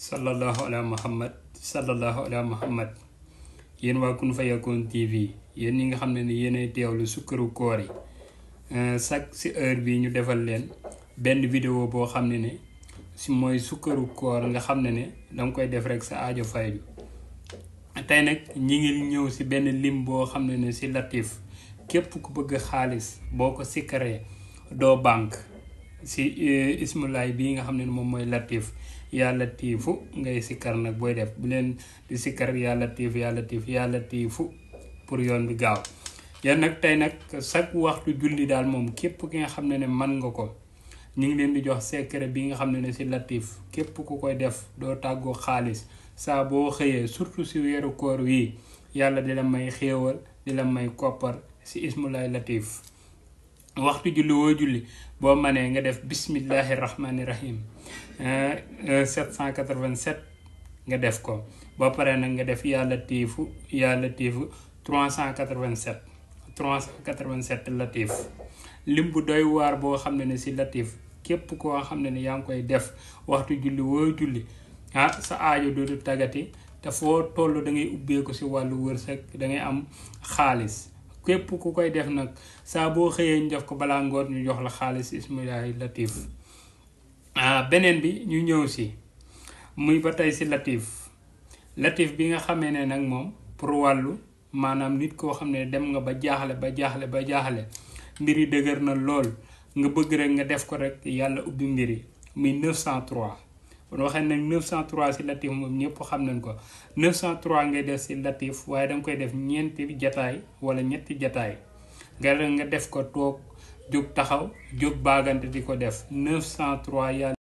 sallallahu ala muhammad sallallahu ala muhammad yéen waa Kun Fayakoun TV yéen ñi nga xam ne ni yéenay teewlu sukkaru koor yi euh, chaque si heure bi ñu defal leen benn vidéo boo xam ne ne si mooy sukkaru koor nga xam ne ne danga koy def rek sa aajo fayju tey nag ñi ngi ñëw si benn lim boo xam ne ne si latif képp ku bëgg xaalis boo ko sikkaree doo banque si eh, ismulaay bii nga xam ne moom mooy latif yaa latifu ngay sikkar nag booy def bu leen di sikkar yaa latif yaa latif yaa latifu pour yoon bi gaaw yan nag tey nag chaque waxtu julli daal moom képp ki nga xam ne ne man nga ko ñu ngi leen di jox secret bi nga xam ne ne si latif képp ku koy def doo tàggoo xaalis saa boo xëyee surtout si weeru koor yi yàlla di la may xéewal di la may koppar si ismulaay latif waxtu julli woo julli boo manee nga def bismillahi rahmani rahim 787 nga def ko boo paree nag nga def yàlla tiifu yàlla tiifu 387 387 latif lim bu doy waar boo xam ne ne si latif képp koo xam ne ne yaa ngi koy def waxtu julli woo julli ah sa aajo dootu tagati te foo tollu da ngay ubbeeku si wàllu wërsëg dangay am xaalis képp ku koy def nag saa boo xëyee ñu def ko balaa ngoor ñu jox la xaalis ismilaay latif ah, beneen bi ñu ñëw si muy ba tey si latif latif bi nga xamee ne nag moom pour wàllu maanaam nit koo xam ne dem nga ba jaaxle ba jaaxle ba jaaxle mbir yi dëgër na lool nga bëgg rek nga def ko rek yàlla ubbi mbir yi muy 903 kon waxee nañ 903 si latif moom ñëpp xam nañ ko 903 ngay def si latif waaye danga koy def ñeenti jataay wala ñetti jataay nga nga def ko toog jóg taxaw jóg baagante di ko def 903 yàlla